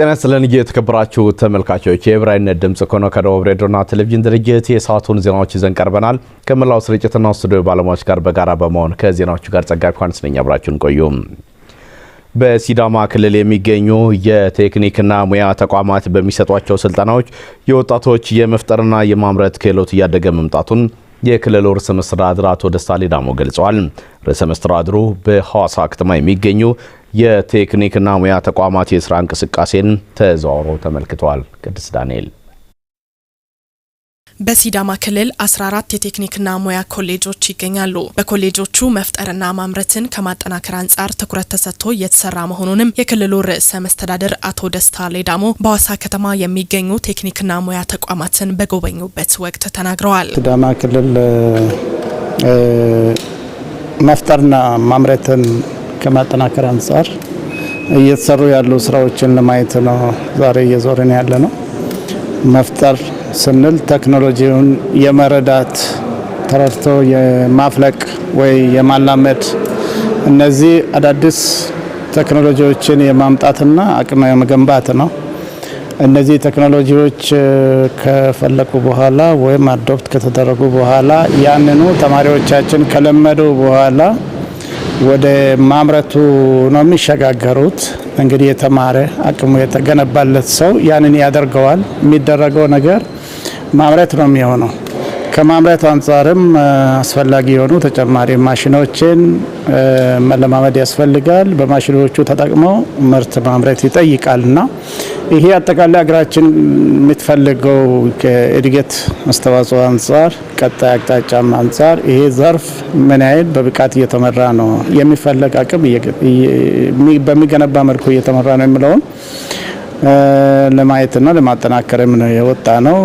ጤና ይስጥልን የተከበራችሁ ተመልካቾች፣ የዕብራይነት ድምጽ ከሆነ ከደቡብ ሬዲዮና ቴሌቪዥን ድርጅት የሰዓቱን ዜናዎች ይዘን ቀርበናል። ከመላው ስርጭትና ስቱዲዮ ባለሙያዎች ጋር በጋራ በመሆን ከዜናዎቹ ጋር ጸጋቢ ዮሐንስ ነኝ። አብራችሁን ቆዩ። በሲዳማ ክልል የሚገኙ የቴክኒክና ሙያ ተቋማት በሚሰጧቸው ስልጠናዎች የወጣቶች የመፍጠርና የማምረት ክህሎት እያደገ መምጣቱን የክልሉ ርዕሰ መስተዳድር አቶ ደስታ ሌዳሞ ገልጸዋል። ርዕሰ መስተዳድሩ በሐዋሳ ከተማ የሚገኙ የቴክኒክና ሙያ ተቋማት የስራ እንቅስቃሴን ተዘዋውሮ ተመልክቷል። ቅድስት ዳንኤል በሲዳማ ክልል 14 የቴክኒክና ሙያ ኮሌጆች ይገኛሉ። በኮሌጆቹ መፍጠርና ማምረትን ከማጠናከር አንጻር ትኩረት ተሰጥቶ እየተሰራ መሆኑንም የክልሉ ርዕሰ መስተዳደር አቶ ደስታ ሌዳሞ በሐዋሳ ከተማ የሚገኙ ቴክኒክና ሙያ ተቋማትን በጎበኙበት ወቅት ተናግረዋል። ሲዳማ ክልል መፍጠርና ማምረትን ከማጠናከር አንጻር እየተሰሩ ያሉ ስራዎችን ለማየት ነው ዛሬ እየዞርን ያለ ነው። መፍጠር ስንል ቴክኖሎጂውን የመረዳት ተረድቶ የማፍለቅ ወይ የማላመድ እነዚህ አዳዲስ ቴክኖሎጂዎችን የማምጣትና አቅም የመገንባት ነው። እነዚህ ቴክኖሎጂዎች ከፈለቁ በኋላ ወይም አዶፕት ከተደረጉ በኋላ ያንኑ ተማሪዎቻችን ከለመዱ በኋላ ወደ ማምረቱ ነው የሚሸጋገሩት። እንግዲህ የተማረ አቅሙ የተገነባለት ሰው ያንን ያደርገዋል። የሚደረገው ነገር ማምረት ነው የሚሆነው። ከማምረት አንጻርም አስፈላጊ የሆኑ ተጨማሪ ማሽኖችን መለማመድ ያስፈልጋል። በማሽኖቹ ተጠቅመው ምርት ማምረት ይጠይቃልና ይሄ አጠቃላይ ሀገራችን የምትፈልገው ከእድገት አስተዋጽኦ አንጻር ቀጣይ አቅጣጫም አንጻር ይሄ ዘርፍ ምን ያህል በብቃት እየተመራ ነው የሚፈለግ አቅም በሚገነባ መልኩ እየተመራ ነው የሚለውን ለማየትና ለማጠናከርም ነው የወጣ ነው።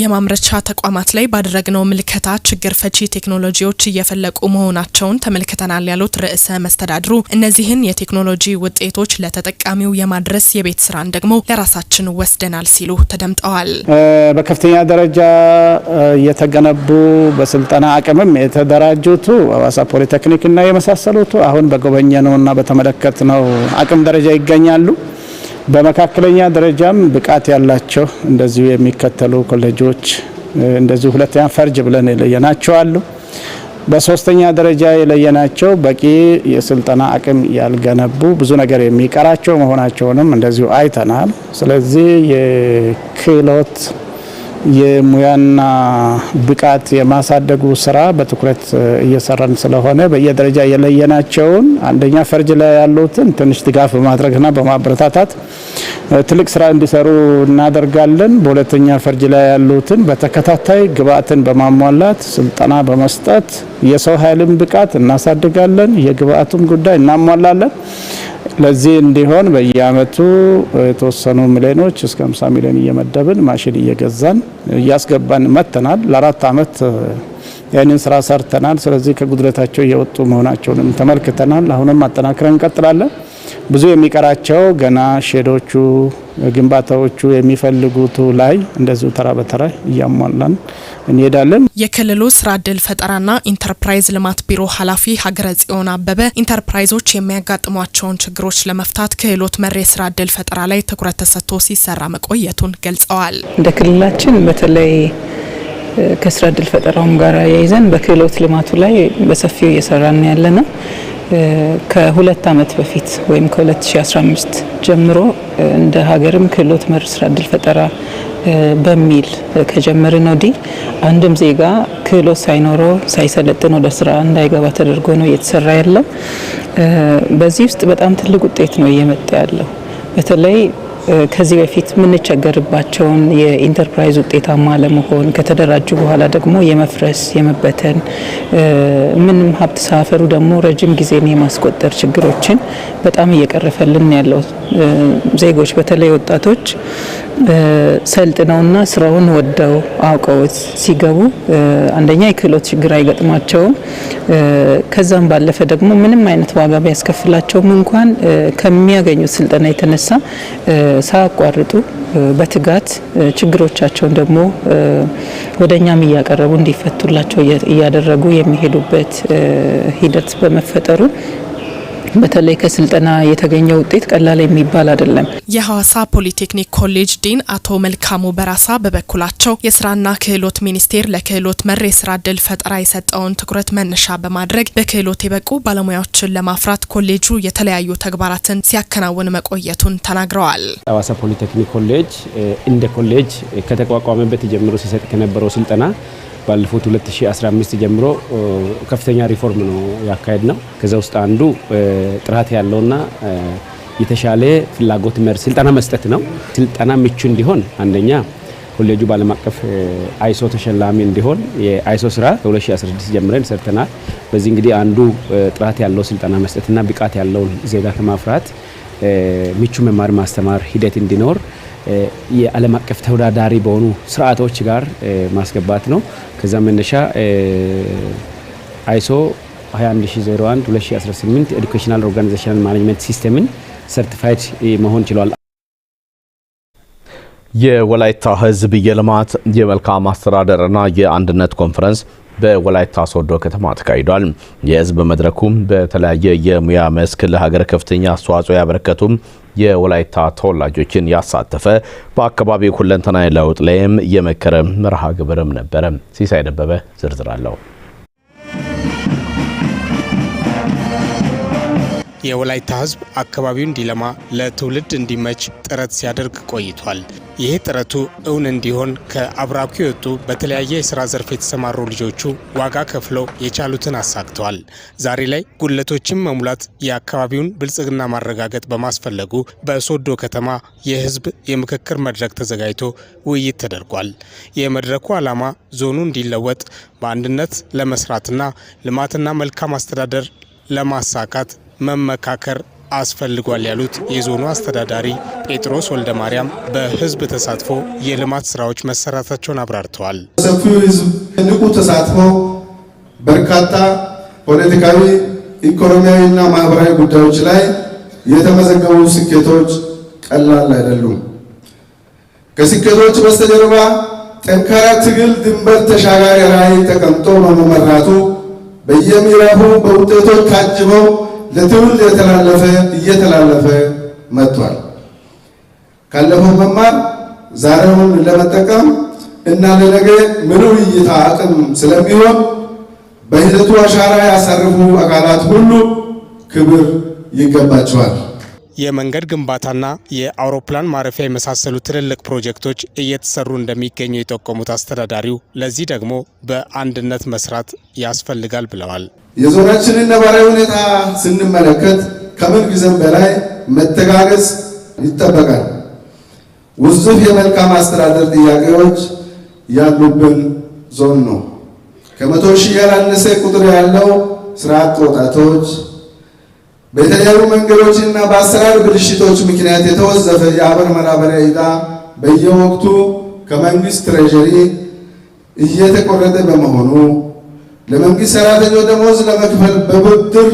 የማምረቻ ተቋማት ላይ ባደረግነው ምልከታ ችግር ፈቺ ቴክኖሎጂዎች እየፈለቁ መሆናቸውን ተመልክተናል ያሉት ርዕሰ መስተዳድሩ እነዚህን የቴክኖሎጂ ውጤቶች ለተጠቃሚው የማድረስ የቤት ስራን ደግሞ ለራሳችን ወስደናል ሲሉ ተደምጠዋል። በከፍተኛ ደረጃ የተገነቡ በስልጠና አቅምም የተደራጁቱ ሀዋሳ ፖሊቴክኒክና የመሳሰሉቱ አሁን በጎበኘ ነውና በተመለከት ነው አቅም ደረጃ ይገኛሉ። በመካከለኛ ደረጃም ብቃት ያላቸው እንደዚሁ የሚከተሉ ኮሌጆች እንደዚሁ ሁለተኛ ፈርጅ ብለን የለየናቸው አሉ። በሶስተኛ ደረጃ የለየናቸው በቂ የስልጠና አቅም ያልገነቡ ብዙ ነገር የሚቀራቸው መሆናቸውንም እንደዚሁ አይተናል። ስለዚህ የክህሎት የሙያና ብቃት የማሳደጉ ስራ በትኩረት እየሰራን ስለሆነ በየደረጃ የለየናቸውን አንደኛ ፈርጅ ላይ ያሉትን ትንሽ ድጋፍ በማድረግና በማበረታታት ትልቅ ስራ እንዲሰሩ እናደርጋለን። በሁለተኛ ፈርጅ ላይ ያሉትን በተከታታይ ግብአትን በማሟላት ስልጠና በመስጠት የሰው ኃይልን ብቃት እናሳድጋለን። የግብአቱም ጉዳይ እናሟላለን። ለዚህ እንዲሆን በየአመቱ የተወሰኑ ሚሊዮኖች እስከ 50 ሚሊዮን እየመደብን ማሽን እየገዛን እያስገባን መጥተናል። ለአራት አመት ይህንን ስራ ሰርተናል። ስለዚህ ከጉድለታቸው እየወጡ መሆናቸውንም ተመልክተናል። አሁንም አጠናክረን እንቀጥላለን። ብዙ የሚቀራቸው ገና ሼዶቹ ግንባታዎቹ የሚፈልጉቱ ላይ እንደዚሁ ተራ በተራ እያሟላን እንሄዳለን። የክልሉ ስራ እድል ፈጠራና ኢንተርፕራይዝ ልማት ቢሮ ኃላፊ ሀገረ ጽዮን አበበ ኢንተርፕራይዞች የሚያጋጥሟቸውን ችግሮች ለመፍታት ክህሎት መር የስራ እድል ፈጠራ ላይ ትኩረት ተሰጥቶ ሲሰራ መቆየቱን ገልጸዋል። እንደ ክልላችን በተለይ ከስራ እድል ፈጠራውም ጋር ያይዘን በክህሎት ልማቱ ላይ በሰፊው እየሰራን ያለ ነው። ከሁለት ዓመት በፊት ወይም ከ2015 ጀምሮ እንደ ሀገርም ክህሎት መር ስራ እድል ፈጠራ በሚል ከጀመርን ወዲህ አንድም ዜጋ ክህሎት ሳይኖረው ሳይሰለጥን ወደ ስራ እንዳይገባ ተደርጎ ነው እየተሰራ ያለው። በዚህ ውስጥ በጣም ትልቅ ውጤት ነው እየመጣ ያለው በተለይ ከዚህ በፊት የምንቸገርባቸውን የኢንተርፕራይዝ ውጤታማ ለመሆን ከተደራጁ በኋላ ደግሞ የመፍረስ የመበተን ምንም ሀብት ሳፈሩ ደግሞ ረጅም ጊዜን የማስቆጠር ችግሮችን በጣም እየቀረፈልን ያለው ዜጎች በተለይ ወጣቶች ሰልጥነውና ስራውን ወደው አውቀውት ሲገቡ አንደኛ የክህሎት ችግር አይገጥማቸውም። ከዛም ባለፈ ደግሞ ምንም አይነት ዋጋ ቢያስከፍላቸውም እንኳን ከሚያገኙት ስልጠና የተነሳ ሳያቋርጡ በትጋት ችግሮቻቸውን ደግሞ ወደኛም እያቀረቡ እንዲፈቱላቸው እያደረጉ የሚሄዱበት ሂደት በመፈጠሩ በተለይ ከስልጠና የተገኘ ውጤት ቀላል የሚባል አይደለም። የሐዋሳ ፖሊቴክኒክ ኮሌጅ ዲን አቶ መልካሙ በራሳ በበኩላቸው የስራና ክህሎት ሚኒስቴር ለክህሎት መር የስራ እድል ፈጠራ የሰጠውን ትኩረት መነሻ በማድረግ በክህሎት የበቁ ባለሙያዎችን ለማፍራት ኮሌጁ የተለያዩ ተግባራትን ሲያከናውን መቆየቱን ተናግረዋል። ሐዋሳ ፖሊቴክኒክ ኮሌጅ እንደ ኮሌጅ ከተቋቋመበት ጀምሮ ሲሰጥ ከነበረው ስልጠና ባለፉት 2015 ጀምሮ ከፍተኛ ሪፎርም ነው ያካሄድ ነው። ከዛ ውስጥ አንዱ ጥራት ያለውና የተሻለ ፍላጎት መር ስልጠና መስጠት ነው። ስልጠና ምቹ እንዲሆን አንደኛ ኮሌጁ በዓለም አቀፍ አይሶ ተሸላሚ እንዲሆን የአይሶ ስራ ከ2016 ጀምረን ሰርተናል። በዚህ እንግዲህ አንዱ ጥራት ያለው ስልጠና መስጠትና ብቃት ያለውን ዜጋ ከማፍራት ምቹ መማር ማስተማር ሂደት እንዲኖር የዓለም አቀፍ ተወዳዳሪ በሆኑ ስርዓቶች ጋር ማስገባት ነው። ከዛ መነሻ አይሶ 21001 2018 ኤዱኬሽናል ኦርጋናይዜሽናል ማኔጅመንት ሲስተምን ሰርቲፋይድ መሆን ችሏል። የወላይታ ሕዝብ የልማት የመልካም አስተዳደርና የአንድነት ኮንፈረንስ በወላይታ ሶዶ ከተማ ተካሂዷል። የህዝብ መድረኩም በተለያየ የሙያ መስክ ለሀገር ከፍተኛ አስተዋጽኦ ያበረከቱም የወላይታ ተወላጆችን ያሳተፈ በአካባቢው ሁለንተናዊ ለውጥ ላይም የመከረ መርሃ ግብርም ነበረ። ሲሳይ ደበበ ዝርዝር አለው። የወላይታ ህዝብ አካባቢውን እንዲለማ ለትውልድ እንዲመች ጥረት ሲያደርግ ቆይቷል። ይህ ጥረቱ እውን እንዲሆን ከአብራኩ የወጡ በተለያየ የስራ ዘርፍ የተሰማሩ ልጆቹ ዋጋ ከፍለው የቻሉትን አሳክተዋል። ዛሬ ላይ ጉለቶችን መሙላት የአካባቢውን ብልጽግና ማረጋገጥ በማስፈለጉ በሶዶ ከተማ የህዝብ የምክክር መድረክ ተዘጋጅቶ ውይይት ተደርጓል። የመድረኩ ዓላማ ዞኑ እንዲለወጥ በአንድነት ለመስራትና ልማትና መልካም አስተዳደር ለማሳካት መመካከር አስፈልጓል ያሉት የዞኑ አስተዳዳሪ ጴጥሮስ ወልደ ማርያም በህዝብ ተሳትፎ የልማት ስራዎች መሰራታቸውን አብራርተዋል። ሰፊው ህዝብ ንቁ ተሳትፎ በርካታ ፖለቲካዊ፣ ኢኮኖሚያዊ እና ማህበራዊ ጉዳዮች ላይ የተመዘገቡ ስኬቶች ቀላል አይደሉም። ከስኬቶች በስተጀርባ ጠንካራ ትግል ድንበር ተሻጋሪ ራዕይ ተቀምጦ በመመራቱ በየሚረፉ በውጤቶች ታጅበው ለትውልድ የተላለፈ እየተላለፈ መጥቷል። ካለፈው መማር ዛሬውን ለመጠቀም እና ለነገ ምሉ እይታ አቅም ስለሚሆን በሂደቱ አሻራ ያሳረፉ አካላት ሁሉ ክብር ይገባቸዋል። የመንገድ ግንባታና የአውሮፕላን ማረፊያ የመሳሰሉ ትልልቅ ፕሮጀክቶች እየተሰሩ እንደሚገኙ የጠቆሙት አስተዳዳሪው ለዚህ ደግሞ በአንድነት መስራት ያስፈልጋል ብለዋል። የዞናችንን ነባራዊ ሁኔታ ስንመለከት ከምን ጊዜም በላይ መተጋገዝ ይጠበቃል። ውዙፍ የመልካም አስተዳደር ጥያቄዎች ያሉብን ዞን ነው። ከመቶ ሺህ ያላነሰ ቁጥር ያለው ስራ አጥ ወጣቶች በተለያዩ መንገዶችና በአሰራር ብልሽቶች ምክንያት የተወዘፈ የአበር ማዳበሪያ ዕዳ በየወቅቱ ከመንግስት ትሬዠሪ እየተቆረጠ በመሆኑ ለመንግስት ሰራተኞች ደሞዝ ለመክፈል በብድር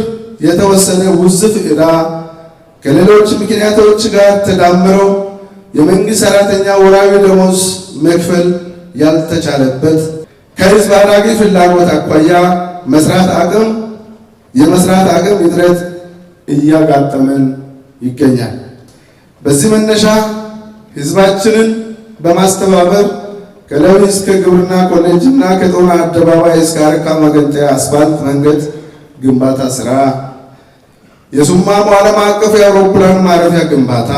የተወሰነ ውዝፍ ዕዳ ከሌሎች ምክንያቶች ጋር ተዳምረው የመንግስት ሰራተኛ ወራዊ ደሞዝ መክፈል ያልተቻለበት ከህዝብ አድራጊ ፍላጎት አኳያ መስራት አቅም የመስራት አቅም እጥረት እያጋጠመን ይገኛል። በዚህ መነሻ ህዝባችንን በማስተባበር ከለዊ እስከ ግብርና ኮሌጅ እና ከጦና አደባባይ እስከ አረካ መገንጠያ አስፋልት መንገድ ግንባታ ስራ፣ የሱማሙ ዓለም አቀፍ የአውሮፕላን ማረፊያ ግንባታ፣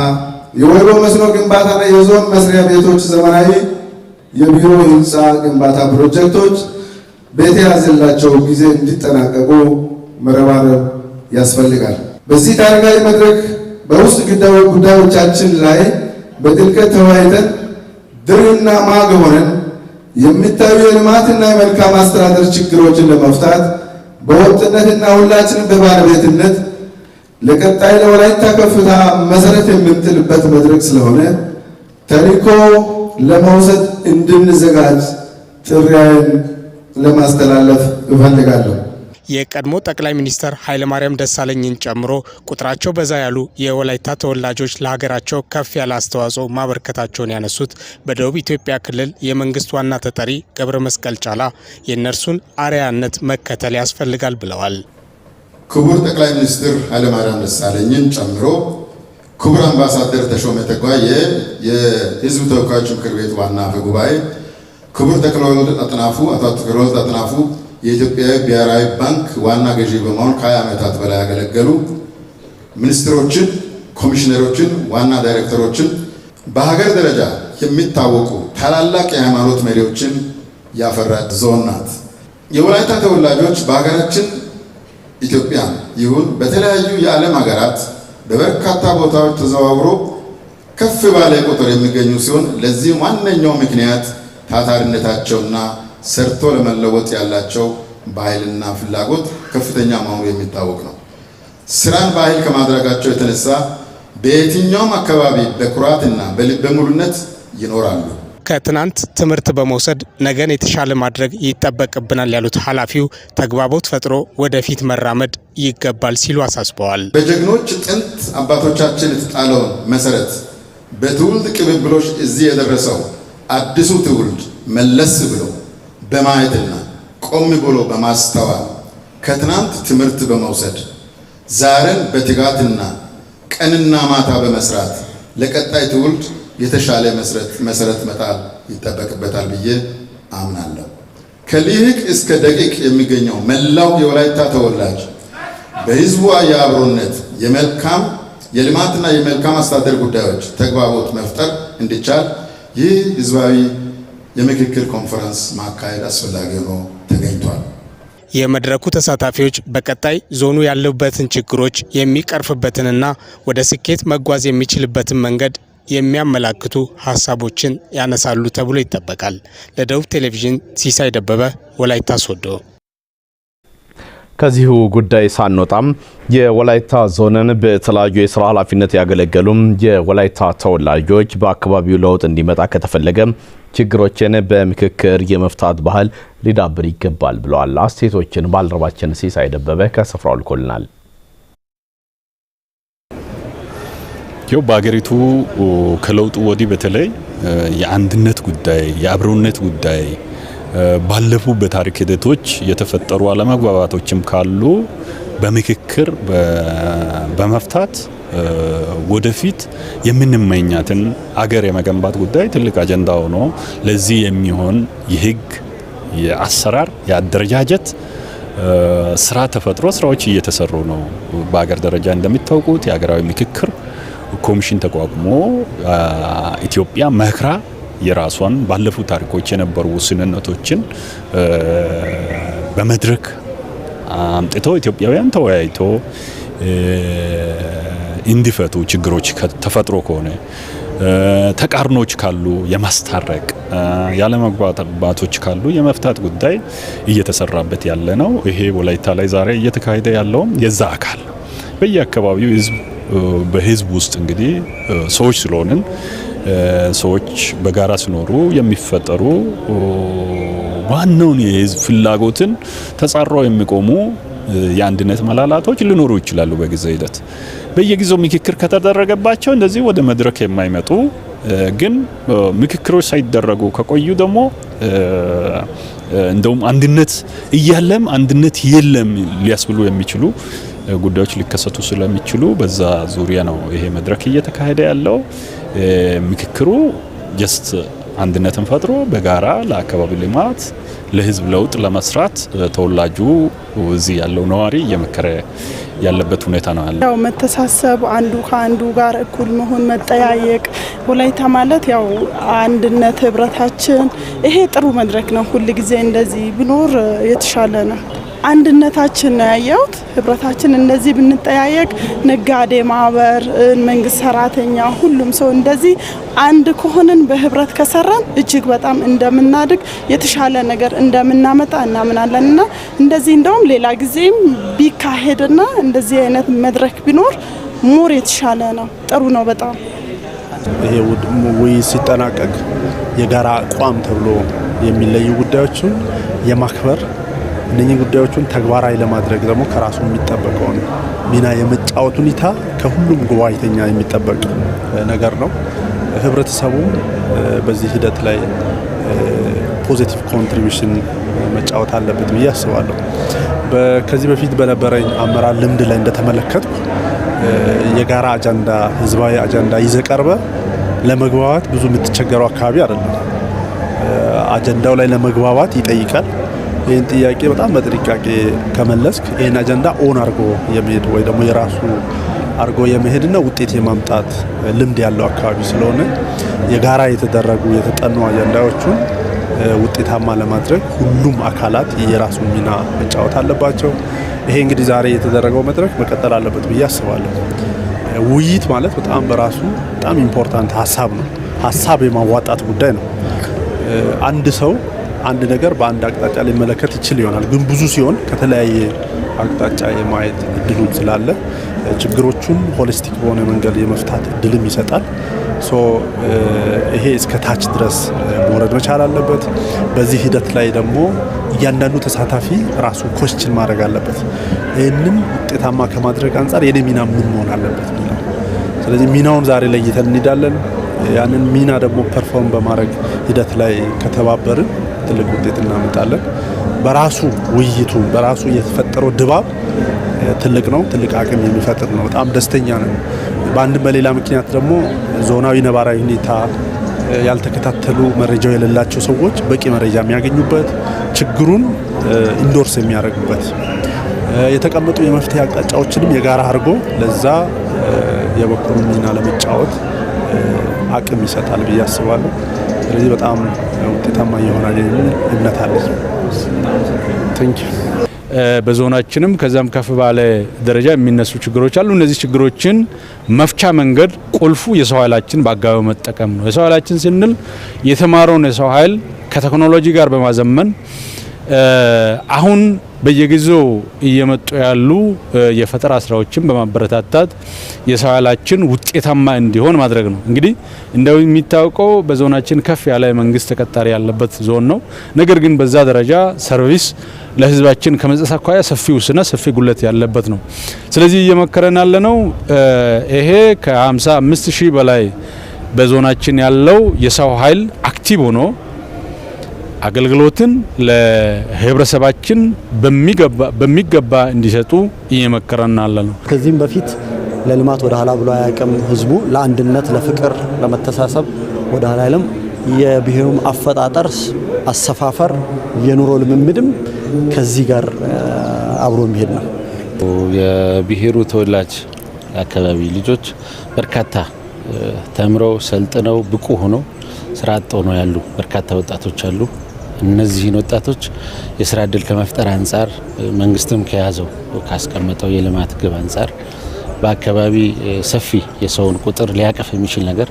የወይሮ መስኖ ግንባታ እና የዞን መስሪያ ቤቶች ዘመናዊ የቢሮ ህንፃ ግንባታ ፕሮጀክቶች በተያዘላቸው ጊዜ እንዲጠናቀቁ መረባረብ ያስፈልጋል። በዚህ ታሪካዊ መድረክ በውስጥ ጉዳዮቻችን ላይ በጥልቀት ተወያይተን ድርና ማግ ሆነን የሚታዩ የልማትና የመልካም አስተዳደር ችግሮችን ለመፍታት በወጥነትና ሁላችንም በባለቤትነት ለቀጣይ ለወላይታ ከፍታ መሰረት የምንጥልበት መድረክ ስለሆነ ተልዕኮ ለመውሰድ እንድንዘጋጅ ጥሪዬን ለማስተላለፍ እፈልጋለሁ። የቀድሞ ጠቅላይ ሚኒስተር ኃይለማርያም ደሳለኝን ጨምሮ ቁጥራቸው በዛ ያሉ የወላይታ ተወላጆች ለሀገራቸው ከፍ ያለ አስተዋጽኦ ማበርከታቸውን ያነሱት በደቡብ ኢትዮጵያ ክልል የመንግስት ዋና ተጠሪ ገብረ መስቀል ጫላ የእነርሱን አርያነት መከተል ያስፈልጋል ብለዋል። ክቡር ጠቅላይ ሚኒስትር ኃይለማርያም ደሳለኝን ጨምሮ ክቡር አምባሳደር ተሾመ ተጓየ የህዝብ ተወካዮች ምክር ቤት ዋና አፈ ጉባኤ፣ ክቡር ተክለወልድ አጥናፉ አቶ ተክለወልድ አጥናፉ የኢትዮጵያ ብሔራዊ ባንክ ዋና ገዢ በመሆን ከ ከ20 ዓመታት በላይ ያገለገሉ ሚኒስትሮችን፣ ኮሚሽነሮችን፣ ዋና ዳይሬክተሮችን በሀገር ደረጃ የሚታወቁ ታላላቅ የሃይማኖት መሪዎችን ያፈራ ዞን ናት። የወላይታ ተወላጆች በሀገራችን ኢትዮጵያ ይሁን በተለያዩ የዓለም ሀገራት በበርካታ ቦታዎች ተዘዋውሮ ከፍ ባለ ቁጥር የሚገኙ ሲሆን ለዚህም ዋነኛው ምክንያት ታታሪነታቸውና ሰርቶ ለመለወጥ ያላቸው ባህልና ፍላጎት ከፍተኛ መሆኑ የሚታወቅ ነው። ስራን ባህል ከማድረጋቸው የተነሳ በየትኛውም አካባቢ በኩራትና በልበ ሙሉነት ይኖራሉ። ከትናንት ትምህርት በመውሰድ ነገን የተሻለ ማድረግ ይጠበቅብናል ያሉት ኃላፊው ተግባቦት ፈጥሮ ወደፊት መራመድ ይገባል ሲሉ አሳስበዋል። በጀግኖች ጥንት አባቶቻችን የተጣለውን መሰረት በትውልድ ቅብብሎች እዚህ የደረሰው አዲሱ ትውልድ መለስ ብሎ በማየትና ቆም ብሎ በማስተዋል ከትናንት ትምህርት በመውሰድ ዛሬን በትጋትና ቀንና ማታ በመስራት ለቀጣይ ትውልድ የተሻለ መሰረት መጣል ይጠበቅበታል ብዬ አምናለሁ። ከሊቅ እስከ ደቂቅ የሚገኘው መላው የወላይታ ተወላጅ በሕዝቧ የአብሮነት የመልካም የልማትና የመልካም አስተዳደር ጉዳዮች ተግባቦት መፍጠር እንዲቻል ይህ ህዝባዊ የምክክር ኮንፈረንስ ማካሄድ አስፈላጊ ሆኖ ተገኝቷል። የመድረኩ ተሳታፊዎች በቀጣይ ዞኑ ያለበትን ችግሮች የሚቀርፍበትንና ወደ ስኬት መጓዝ የሚችልበትን መንገድ የሚያመላክቱ ሀሳቦችን ያነሳሉ ተብሎ ይጠበቃል። ለደቡብ ቴሌቪዥን ሲሳይ ደበበ ወላይታ ሶዶ። ከዚሁ ጉዳይ ሳንወጣም የወላይታ ዞንን በተለያዩ የስራ ኃላፊነት ያገለገሉም የወላይታ ተወላጆች በአካባቢው ለውጥ እንዲመጣ ከተፈለገ ችግሮችን በምክክር የመፍታት ባህል ሊዳብር ይገባል ብለዋል። አስተያየቶችን ባልደረባችን ሲሳይ ደበበ ከስፍራው ልኮልናል። ይኸው በሀገሪቱ ከለውጡ ወዲህ በተለይ የአንድነት ጉዳይ፣ የአብሮነት ጉዳይ ባለፉ በታሪክ ሂደቶች የተፈጠሩ አለመግባባቶችም ካሉ በምክክር በመፍታት ወደፊት የምንመኛትን አገር የመገንባት ጉዳይ ትልቅ አጀንዳ ሆኖ ለዚህ የሚሆን የህግ፣ የአሰራር፣ የአደረጃጀት ስራ ተፈጥሮ ስራዎች እየተሰሩ ነው። በሀገር ደረጃ እንደሚታወቁት የሀገራዊ ምክክር ኮሚሽን ተቋቁሞ ኢትዮጵያ መክራ የራሷን ባለፉ ታሪኮች የነበሩ ውስንነቶችን በመድረክ አምጥቶ ኢትዮጵያውያን ተወያይቶ እንዲፈቱ ችግሮች ተፈጥሮ ከሆነ ተቃርኖች ካሉ የማስታረቅ ያለመግባባቶች ካሉ የመፍታት ጉዳይ እየተሰራበት ያለ ነው። ይሄ ወላይታ ላይ ዛሬ እየተካሄደ ያለውም የዛ አካል ነው። በየአካባቢው ህዝብ በህዝብ ውስጥ እንግዲህ ሰዎች ስለሆንን ሰዎች በጋራ ሲኖሩ የሚፈጠሩ ዋናውን የህዝብ ፍላጎትን ተጻረው የሚቆሙ የአንድነት መላላቶች ሊኖሩ ይችላሉ። በጊዜ ሂደት በየጊዜው ምክክር ከተደረገባቸው እንደዚህ ወደ መድረክ የማይመጡ ግን ምክክሮች ሳይደረጉ ከቆዩ ደግሞ እንደውም አንድነት እያለም አንድነት የለም ሊያስብሉ የሚችሉ ጉዳዮች ሊከሰቱ ስለሚችሉ በዛ ዙሪያ ነው ይሄ መድረክ እየተካሄደ ያለው። ምክክሩ ጀስት አንድነትን ፈጥሮ በጋራ ለአካባቢ ልማት ለህዝብ ለውጥ ለመስራት ተወላጁ እዚህ ያለው ነዋሪ እየመከረ ያለበት ሁኔታ ነው ያለ። ያው መተሳሰብ፣ አንዱ ከአንዱ ጋር እኩል መሆን፣ መጠያየቅ ወላይታ ማለት ያው አንድነት ህብረታችን፣ ይሄ ጥሩ መድረክ ነው። ጊዜ እንደዚህ ብኖር የተሻለ ነው። አንድነታችን ነው ያየሁት። ህብረታችን እንደዚህ ብንጠያየቅ፣ ነጋዴ ማህበር፣ መንግስት ሰራተኛ፣ ሁሉም ሰው እንደዚህ አንድ ከሆንን በህብረት ከሰራን እጅግ በጣም እንደምናድግ የተሻለ ነገር እንደምናመጣ እናምናለን እና እንደዚህ እንደውም ሌላ ጊዜም ቢካሄድና እንደዚህ አይነት መድረክ ቢኖር ሞር የተሻለ ነው። ጥሩ ነው በጣም ይሄ ውይይት ሲጠናቀቅ የጋራ አቋም ተብሎ የሚለዩ ጉዳዮችን የማክበር እነኚህ ጉዳዮችን ተግባራዊ ለማድረግ ደግሞ ከራሱ የሚጠበቀውን ሚና የመጫወት ሁኔታ ከሁሉም ጉባኤተኛ የሚጠበቅ ነገር ነው። ህብረተሰቡ በዚህ ሂደት ላይ ፖዚቲቭ ኮንትሪቢሽን መጫወት አለበት ብዬ አስባለሁ። ከዚህ በፊት በነበረኝ አመራር ልምድ ላይ እንደተመለከትኩ የጋራ አጀንዳ፣ ህዝባዊ አጀንዳ ይዘ ቀርበ ለመግባባት ብዙ የምትቸገረው አካባቢ አይደለም። አጀንዳው ላይ ለመግባባት ይጠይቃል። ይህን ጥያቄ በጣም በጥንቃቄ ከመለስክ ይህን አጀንዳ ኦን አድርጎ የመሄድ ወይ ደግሞ የራሱ አድርጎ የመሄድና ውጤት የማምጣት ልምድ ያለው አካባቢ ስለሆነ የጋራ የተደረጉ የተጠኑ አጀንዳዎቹን ውጤታማ ለማድረግ ሁሉም አካላት የራሱ ሚና መጫወት አለባቸው። ይሄ እንግዲህ ዛሬ የተደረገው መድረክ መቀጠል አለበት ብዬ አስባለሁ። ውይይት ማለት በጣም በራሱ በጣም ኢምፖርታንት ሀሳብ ነው። ሀሳብ የማዋጣት ጉዳይ ነው። አንድ ሰው አንድ ነገር በአንድ አቅጣጫ ሊመለከት ይችል ይሆናል። ግን ብዙ ሲሆን ከተለያየ አቅጣጫ የማየት እድሉም ስላለ ችግሮቹን ሆሊስቲክ በሆነ መንገድ የመፍታት እድልም ይሰጣል። ሶ ይሄ እስከ ታች ድረስ መውረድ መቻል አለበት። በዚህ ሂደት ላይ ደግሞ እያንዳንዱ ተሳታፊ ራሱ ኮስችን ማድረግ አለበት። ይህንን ውጤታማ ከማድረግ አንጻር የኔ ሚና ምን መሆን አለበት ሚናው። ስለዚህ ሚናውን ዛሬ ለይተን እንሄዳለን። ያንን ሚና ደግሞ ፐርፎርም በማድረግ ሂደት ላይ ከተባበርን ትልቅ ውጤት እናመጣለን። በራሱ ውይይቱ በራሱ የተፈጠረው ድባብ ትልቅ ነው፣ ትልቅ አቅም የሚፈጥር ነው። በጣም ደስተኛ ነን። በአንድም በሌላ ምክንያት ደግሞ ዞናዊ ነባራዊ ሁኔታ ያልተከታተሉ መረጃው የሌላቸው ሰዎች በቂ መረጃ የሚያገኙበት ችግሩን ኢንዶርስ የሚያደርጉበት የተቀመጡ የመፍትሄ አቅጣጫዎችንም የጋራ አድርጎ ለዛ የበኩሉ ሚና ለመጫወት አቅም ይሰጣል ብዬ አስባለሁ። ስለዚህ በጣም ውጤታማ የሆናል የሚል እምነት አለ። በዞናችንም ከዛም ከፍ ባለ ደረጃ የሚነሱ ችግሮች አሉ። እነዚህ ችግሮችን መፍቻ መንገድ ቁልፉ የሰው ኃይላችን በአጋቢ መጠቀም ነው። የሰው ኃይላችን ስንል የተማረውን የሰው ኃይል ከቴክኖሎጂ ጋር በማዘመን አሁን በየጊዜው እየመጡ ያሉ የፈጠራ ስራዎችን በማበረታታት የሰው ኃይላችን ውጤታማ እንዲሆን ማድረግ ነው። እንግዲህ እንደሚታወቀው በዞናችን ከፍ ያለ መንግስት ተቀጣሪ ያለበት ዞን ነው። ነገር ግን በዛ ደረጃ ሰርቪስ ለህዝባችን ከመንጸስ አኳያ ሰፊ ውስነ ሰፊ ጉለት ያለበት ነው። ስለዚህ እየመከረን ያለ ነው ይሄ ከ55 ሺህ በላይ በዞናችን ያለው የሰው ኃይል አክቲቭ ሆኖ አገልግሎትን ለህብረተሰባችን በሚገባ እንዲሰጡ እየመከረና አለ ነው። ከዚህም በፊት ለልማት ወደ ኋላ ብሎ አያውቅም። ህዝቡ ለአንድነት፣ ለፍቅር፣ ለመተሳሰብ ወደ ኋላ አይልም። የብሔሩም አፈጣጠር፣ አሰፋፈር፣ የኑሮ ልምምድም ከዚህ ጋር አብሮ የሚሄድ ነው። የብሔሩ ተወላጅ አካባቢ ልጆች በርካታ ተምረው ሰልጥነው ብቁ ሆነው ስራ አጥ ነው ያሉ በርካታ ወጣቶች አሉ። እነዚህን ወጣቶች የስራ እድል ከመፍጠር አንጻር መንግስትም ከያዘው ካስቀመጠው የልማት ግብ አንጻር በአካባቢ ሰፊ የሰውን ቁጥር ሊያቀፍ የሚችል ነገር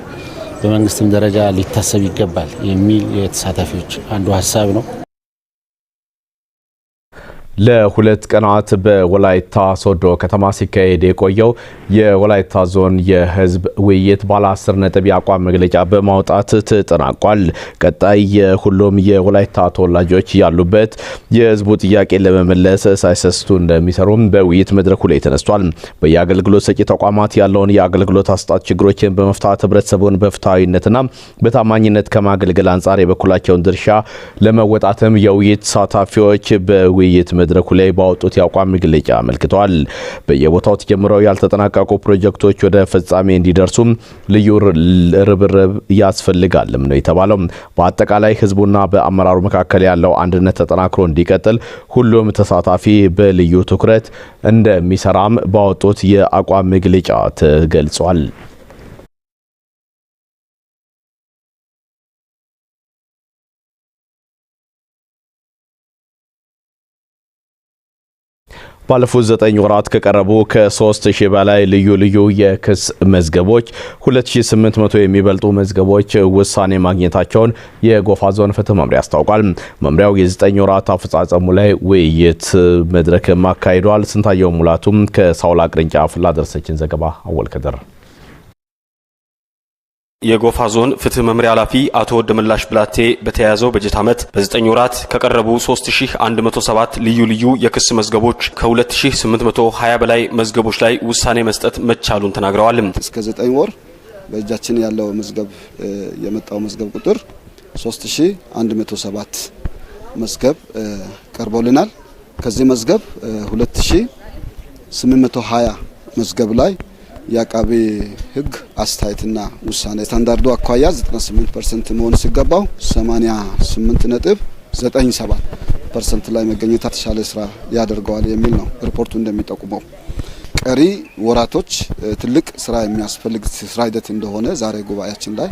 በመንግስትም ደረጃ ሊታሰብ ይገባል የሚል የተሳታፊዎች አንዱ ሀሳብ ነው። ለሁለት ቀናት በወላይታ ሶዶ ከተማ ሲካሄድ የቆየው የወላይታ ዞን የህዝብ ውይይት ባለ አስር ነጥብ የአቋም መግለጫ በማውጣት ተጠናቋል። ቀጣይ የሁሉም የወላይታ ተወላጆች ያሉበት የህዝቡ ጥያቄ ለመመለስ ሳይሰስቱ እንደሚሰሩም በውይይት መድረኩ ላይ ተነስቷል። በየአገልግሎት ሰጪ ተቋማት ያለውን የአገልግሎት አሰጣጥ ችግሮችን በመፍታት ህብረተሰቡን በፍትሐዊነትና በታማኝነት ከማገልገል አንጻር የበኩላቸውን ድርሻ ለመወጣትም የውይይት ተሳታፊዎች በውይይት መድረኩ ላይ ባወጡት የአቋም መግለጫ አመልክተዋል። በየቦታው ተጀምረው ያልተጠናቀቁ ፕሮጀክቶች ወደ ፍጻሜ እንዲደርሱ ልዩ ርብርብ ያስፈልጋልም ነው የተባለው። በአጠቃላይ ህዝቡና በአመራሩ መካከል ያለው አንድነት ተጠናክሮ እንዲቀጥል ሁሉም ተሳታፊ በልዩ ትኩረት እንደሚሰራም ባወጡት የአቋም መግለጫ ተገልጿል። ባለፉት ዘጠኝ ወራት ከቀረቡ ከ3000 በላይ ልዩ ልዩ የክስ መዝገቦች 2800 የሚበልጡ መዝገቦች ውሳኔ ማግኘታቸውን የጎፋ ዞን ፍትህ መምሪያ አስታውቋል። መምሪያው የዘጠኝ ወራት አፈጻጸሙ ላይ ውይይት መድረክም አካሂዷል። ስንታየው ሙላቱም ከሳውላ ቅርንጫፍ ላደረሰችን ዘገባ አወልከደር። የጎፋ ዞን ፍትህ መምሪያ ኃላፊ አቶ ወደምላሽ ብላቴ በተያያዘው በጀት ዓመት በ9 ወራት ከቀረቡ 3107 ልዩ ልዩ የክስ መዝገቦች ከ2820 በላይ መዝገቦች ላይ ውሳኔ መስጠት መቻሉን ተናግረዋል። እስከ 9 ወር በእጃችን ያለው መዝገብ የመጣው መዝገብ ቁጥር 3107 መዝገብ ቀርቦልናል። ከዚህ መዝገብ 2820 መዝገብ ላይ የአቃቤ ሕግ አስተያየትና ውሳኔ ስታንዳርዱ አኳያ 98 ፐርሰንት መሆን ሲገባው 88 ነጥብ 97 ፐርሰንት ላይ መገኘት የተሻለ ስራ ያደርገዋል የሚል ነው ሪፖርቱ እንደሚጠቁመው። ቀሪ ወራቶች ትልቅ ስራ የሚያስፈልግ ስራ ሂደት እንደሆነ ዛሬ ጉባኤያችን ላይ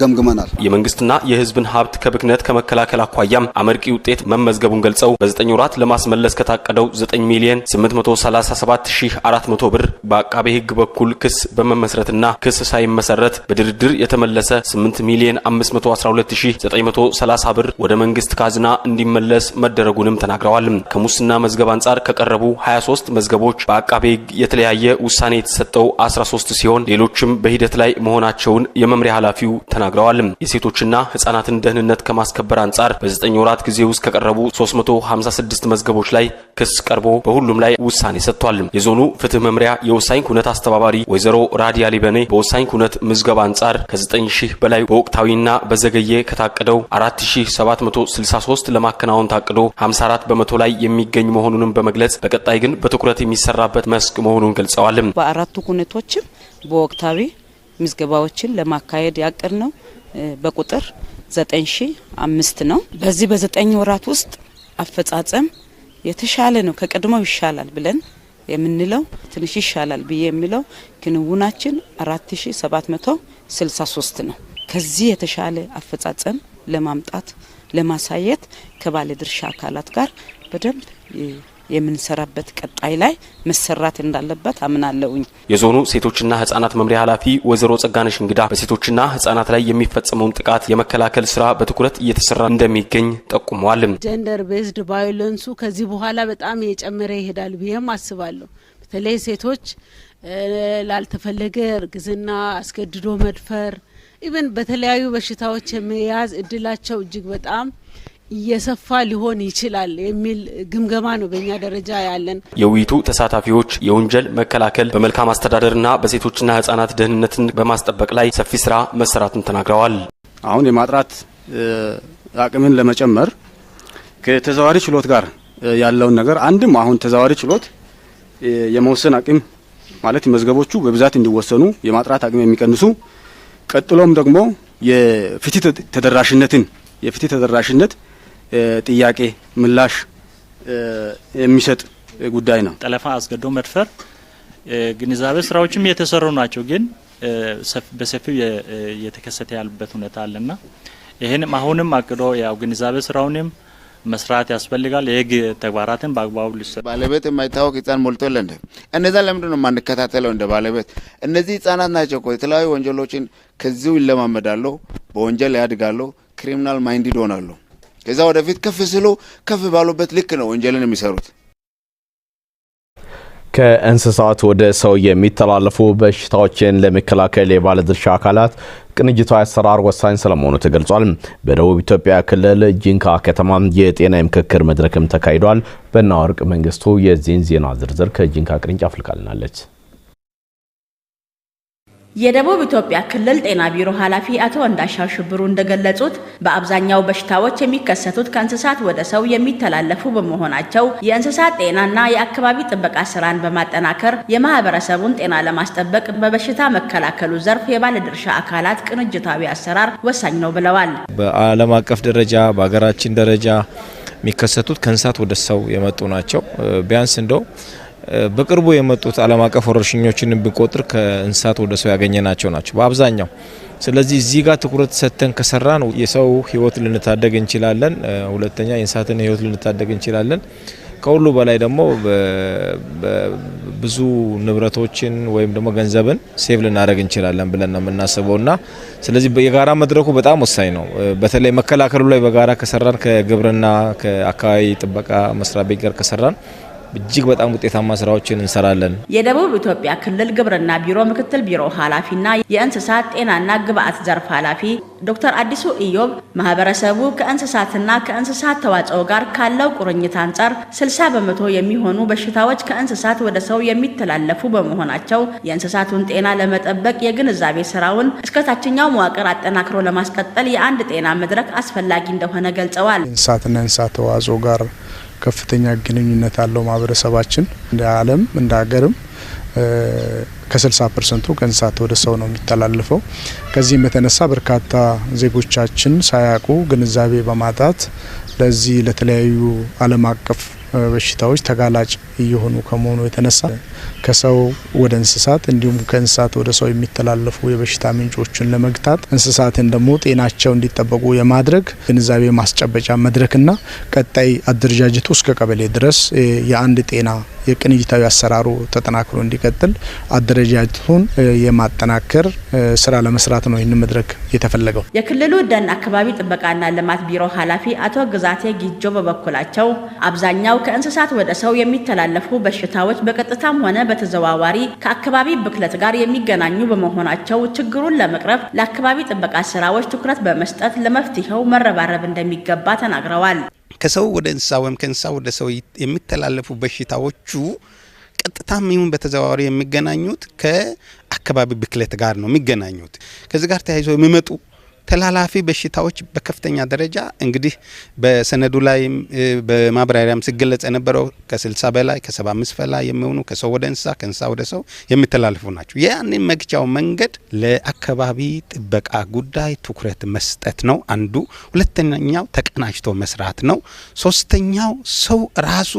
ገምግመናል። የመንግስትና የህዝብን ሀብት ከብክነት ከመከላከል አኳያም አመርቂ ውጤት መመዝገቡን ገልጸው በዘጠኝ ወራት ለማስመለስ ከታቀደው 9 ሚሊዮን 837400 ብር በአቃቤ ህግ በኩል ክስ በመመስረትና ክስ ሳይመሰረት በድርድር የተመለሰ 8 ሚሊዮን 512930 ብር ወደ መንግስት ካዝና እንዲመለስ መደረጉንም ተናግረዋል። ከሙስና መዝገብ አንጻር ከቀረቡ 23 መዝገቦች በአቃቤ ህግ የተለያየ ውሳኔ የተሰጠው 13 ሲሆን ሌሎችም በሂደት ላይ መሆናቸውን የመምሪያ ኃላፊው ተናግረዋል። ተናግረዋል። የሴቶችና ህጻናትን ደህንነት ከማስከበር አንጻር በዘጠኝ ወራት ጊዜ ውስጥ ከቀረቡ 356 መዝገቦች ላይ ክስ ቀርቦ በሁሉም ላይ ውሳኔ ሰጥቷል። የዞኑ ፍትህ መምሪያ የወሳኝ ኩነት አስተባባሪ ወይዘሮ ራዲያ ሊበኔ በወሳኝ ኩነት ምዝገባ አንጻር ከ9 ሺህ በላይ በወቅታዊና በዘገየ ከታቀደው 4763 ለማከናወን ታቅዶ 54 በመቶ ላይ የሚገኝ መሆኑንም በመግለጽ በቀጣይ ግን በትኩረት የሚሰራበት መስክ መሆኑን ገልጸዋል። በአራቱ ኩነቶችም በወቅታዊ ምዝገባዎችን ለማካሄድ ያቅር ነው። በቁጥር ዘጠኝ ሺ አምስት ነው። በዚህ በዘጠኝ ወራት ውስጥ አፈጻጸም የተሻለ ነው ከቀድሞው ይሻላል ብለን የምንለው ትንሽ ይሻላል ብዬ የሚለው ክንውናችን 4763 ነው። ከዚህ የተሻለ አፈጻጸም ለማምጣት ለማሳየት ከባለ ድርሻ አካላት ጋር በደንብ የምንሰራበት ቀጣይ ላይ መሰራት እንዳለበት አምናለሁኝ። የዞኑ ሴቶችና ህጻናት መምሪያ ኃላፊ ወይዘሮ ጸጋነሽ እንግዳ በሴቶችና ህጻናት ላይ የሚፈጸመውን ጥቃት የመከላከል ስራ በትኩረት እየተሰራ እንደሚገኝ ጠቁመዋል። ጀንደር ቤዝድ ቫዮለንሱ ከዚህ በኋላ በጣም እየጨመረ ይሄዳል ብዬም አስባለሁ። በተለይ ሴቶች ላልተፈለገ እርግዝና፣ አስገድዶ መድፈር ኢቨን በተለያዩ በሽታዎች የመያዝ እድላቸው እጅግ በጣም እየሰፋ ሊሆን ይችላል የሚል ግምገማ ነው በእኛ ደረጃ ያለን። የውይይቱ ተሳታፊዎች የወንጀል መከላከል በመልካም አስተዳደርና በሴቶችና ህጻናት ደህንነትን በማስጠበቅ ላይ ሰፊ ስራ መሰራቱን ተናግረዋል። አሁን የማጥራት አቅምን ለመጨመር ከተዘዋዋሪ ችሎት ጋር ያለውን ነገር አንድም አሁን ተዘዋዋሪ ችሎት የመወሰን አቅም ማለት መዝገቦቹ በብዛት እንዲወሰኑ የማጥራት አቅም የሚቀንሱ ቀጥሎም ደግሞ የፍትህ ተደራሽነትን የፍትህ ተደራሽነት ጥያቄ ምላሽ የሚሰጥ ጉዳይ ነው። ጠለፋ፣ አስገዶ መድፈር ግንዛቤ ስራዎችም የተሰሩ ናቸው፣ ግን በሰፊው የተከሰተ ያሉበት ሁኔታ አለና ይህንም አሁንም አቅዶ ያው ግንዛቤ ስራውንም መስራት ያስፈልጋል። የህግ ተግባራትን በአግባቡ ሊሰ ባለቤት የማይታወቅ ህጻን ሞልቶለ እንደ እነዛ ለምንድን ነው የማንከታተለው? እንደ ባለቤት እነዚህ ህጻናት ናቸው እኮ የተለያዩ ወንጀሎችን ከዚሁ ይለማመዳሉ፣ በወንጀል ያድጋሉ፣ ክሪሚናል ማይንድድ ሆናሉ። ከዛ ወደፊት ከፍ ስሎ ከፍ ባሉበት ልክ ነው ወንጀልን የሚሰሩት። ከእንስሳት ወደ ሰው የሚተላለፉ በሽታዎችን ለመከላከል የባለድርሻ አካላት ቅንጅታዊ አሰራር ወሳኝ ስለመሆኑ ተገልጿል። በደቡብ ኢትዮጵያ ክልል ጂንካ ከተማ የጤና የምክክር መድረክም ተካሂዷል። በናወርቅ መንግስቱ የዚህን ዜና ዝርዝር ከጂንካ ቅርንጫፍ ልካልናለች። የደቡብ ኢትዮጵያ ክልል ጤና ቢሮ ኃላፊ አቶ እንዳሻው ሽብሩ እንደገለጹት በአብዛኛው በሽታዎች የሚከሰቱት ከእንስሳት ወደ ሰው የሚተላለፉ በመሆናቸው የእንስሳት ጤናና የአካባቢ ጥበቃ ስራን በማጠናከር የማህበረሰቡን ጤና ለማስጠበቅ በበሽታ መከላከሉ ዘርፍ የባለድርሻ አካላት ቅንጅታዊ አሰራር ወሳኝ ነው ብለዋል። በዓለም አቀፍ ደረጃ በሀገራችን ደረጃ የሚከሰቱት ከእንስሳት ወደ ሰው የመጡ ናቸው። ቢያንስ እንደው በቅርቡ የመጡት ዓለም አቀፍ ወረርሽኞችን ብንቆጥር ከእንስሳት ወደ ሰው ያገኘናቸው ናቸው በአብዛኛው። ስለዚህ እዚህ ጋር ትኩረት ሰጥተን ከሰራን የሰው ህይወት ልንታደግ እንችላለን። ሁለተኛ የእንስሳትን ህይወት ልንታደግ እንችላለን። ከሁሉ በላይ ደግሞ ብዙ ንብረቶችን ወይም ደግሞ ገንዘብን ሴቭ ልናደረግ እንችላለን ብለን ነው የምናስበው እና ስለዚህ የጋራ መድረኩ በጣም ወሳኝ ነው። በተለይ መከላከሉ ላይ በጋራ ከሰራን ከግብርና ከአካባቢ ጥበቃ መስሪያ ቤት ጋር ከሰራን እጅግ በጣም ውጤታማ ስራዎችን እንሰራለን። የደቡብ ኢትዮጵያ ክልል ግብርና ቢሮ ምክትል ቢሮ ኃላፊና የእንስሳት ጤናና ግብአት ዘርፍ ኃላፊ ዶክተር አዲሱ ኢዮብ ማህበረሰቡ ከእንስሳትና ከእንስሳት ተዋጽኦ ጋር ካለው ቁርኝት አንጻር 60 በመቶ የሚሆኑ በሽታዎች ከእንስሳት ወደ ሰው የሚተላለፉ በመሆናቸው የእንስሳቱን ጤና ለመጠበቅ የግንዛቤ ስራውን እስከ ታችኛው መዋቅር አጠናክሮ ለማስቀጠል የአንድ ጤና መድረክ አስፈላጊ እንደሆነ ገልጸዋል። እንስሳትና እንስሳት ተዋጽኦ ጋር ከፍተኛ ግንኙነት አለው ማህበረሰባችን እንደ አለም እንደ ሀገርም ከ60 ፐርሰንቱ ከእንስሳት ወደ ሰው ነው የሚተላለፈው። ከዚህም የተነሳ በርካታ ዜጎቻችን ሳያውቁ ግንዛቤ በማጣት ለዚህ ለተለያዩ አለም አቀፍ በሽታዎች ተጋላጭ እየሆኑ ከመሆኑ የተነሳ ከሰው ወደ እንስሳት እንዲሁም ከእንስሳት ወደ ሰው የሚተላለፉ የበሽታ ምንጮችን ለመግታት እንስሳትን ደግሞ ጤናቸው እንዲጠበቁ የማድረግ ግንዛቤ ማስጨበጫ መድረክና ቀጣይ አደረጃጀቱ እስከ ቀበሌ ድረስ የአንድ ጤና የቅንጅታዊ አሰራሩ ተጠናክሮ እንዲቀጥል አደረጃጀቱን የማጠናከር ስራ ለመስራት ነው ይህን መድረክ የተፈለገው። የክልሉ ደን አካባቢ ጥበቃና ልማት ቢሮ ኃላፊ አቶ ግዛቴ ጊጆ በበኩላቸው አብዛኛው ከእንስሳት ወደ ሰው የሚተላለፉ በሽታዎች በቀጥታም ሆነ በተዘዋዋሪ ከአካባቢ ብክለት ጋር የሚገናኙ በመሆናቸው ችግሩን ለመቅረፍ ለአካባቢ ጥበቃ ስራዎች ትኩረት በመስጠት ለመፍትሄው መረባረብ እንደሚገባ ተናግረዋል። ከሰው ወደ እንስሳ ወይም ከእንስሳ ወደ ሰው የሚተላለፉ በሽታዎቹ ቀጥታም ይሁን በተዘዋዋሪ የሚገናኙት ከአካባቢ ብክለት ጋር ነው የሚገናኙት። ከዚህ ጋር ተያይዞ የሚመጡ ተላላፊ በሽታዎች በከፍተኛ ደረጃ እንግዲህ በሰነዱ ላይም በማብራሪያም ሲገለጽ የነበረው ከ60 በላይ ከ75 በላይ የሚሆኑ ከሰው ወደ እንስሳ ከእንስሳ ወደ ሰው የሚተላለፉ ናቸው። ያንን መግቻው መንገድ ለአካባቢ ጥበቃ ጉዳይ ትኩረት መስጠት ነው አንዱ። ሁለተኛው ተቀናጅቶ መስራት ነው። ሶስተኛው ሰው ራሱ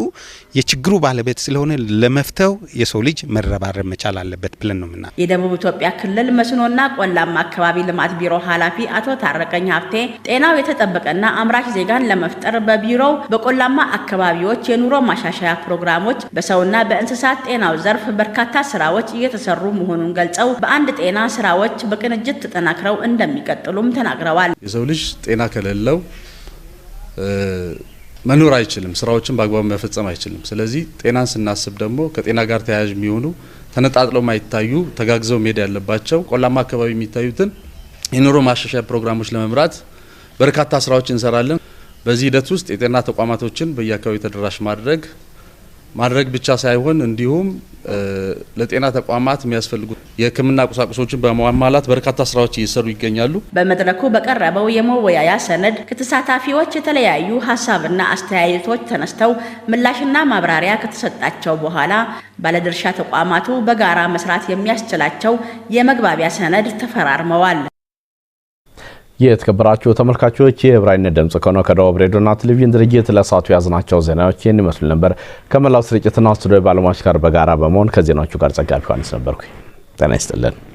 የችግሩ ባለቤት ስለሆነ ለመፍተው የሰው ልጅ መረባረብ መቻል አለበት ብለን ነው ምና የደቡብ ኢትዮጵያ ክልል መስኖና ቆላማ አካባቢ ልማት ቢሮ ኃላፊ አቶ ታረቀኝ ሀብቴ ጤናው የተጠበቀና አምራች ዜጋን ለመፍጠር በቢሮው በቆላማ አካባቢዎች የኑሮ ማሻሻያ ፕሮግራሞች በሰውና በእንስሳት ጤናው ዘርፍ በርካታ ስራዎች እየተሰሩ መሆኑን ገልጸው በአንድ ጤና ስራዎች በቅንጅት ተጠናክረው እንደሚቀጥሉም ተናግረዋል። የሰው ልጅ ጤና ከሌለው መኖር አይችልም፣ ስራዎችን በአግባቡ መፈጸም አይችልም። ስለዚህ ጤናን ስናስብ ደግሞ ከጤና ጋር ተያያዥ የሚሆኑ ተነጣጥለው ማይታዩ ተጋግዘው መሄድ ያለባቸው ቆላማ አካባቢ የሚታዩትን የኑሮ ማሻሻያ ፕሮግራሞች ለመምራት በርካታ ስራዎች እንሰራለን። በዚህ ሂደት ውስጥ የጤና ተቋማቶችን በየአካባቢ ተደራሽ ማድረግ ማድረግ ብቻ ሳይሆን እንዲሁም ለጤና ተቋማት የሚያስፈልጉ የሕክምና ቁሳቁሶችን በማሟላት በርካታ ስራዎች እየሰሩ ይገኛሉ። በመድረኩ በቀረበው የመወያያ ሰነድ ከተሳታፊዎች የተለያዩ ሀሳብና አስተያየቶች ተነስተው ምላሽና ማብራሪያ ከተሰጣቸው በኋላ ባለድርሻ ተቋማቱ በጋራ መስራት የሚያስችላቸው የመግባቢያ ሰነድ ተፈራርመዋል። የተከበራችሁ ተመልካቾች የዕብራይነት ድምጽ ከሆነ ከደቡብ ሬዲዮና ቴሌቪዥን ድርጅት ለሰዓቱ ያዝናቸው ዜናዎች ይህን ይመስሉ ነበር። ከመላው ስርጭትና ስቱዲዮ ባለሙያዎች ጋር በጋራ በመሆን ከዜናዎቹ ጋር ዘጋቢ ዮሐንስ ነበርኩ። ጤና ይስጥልን።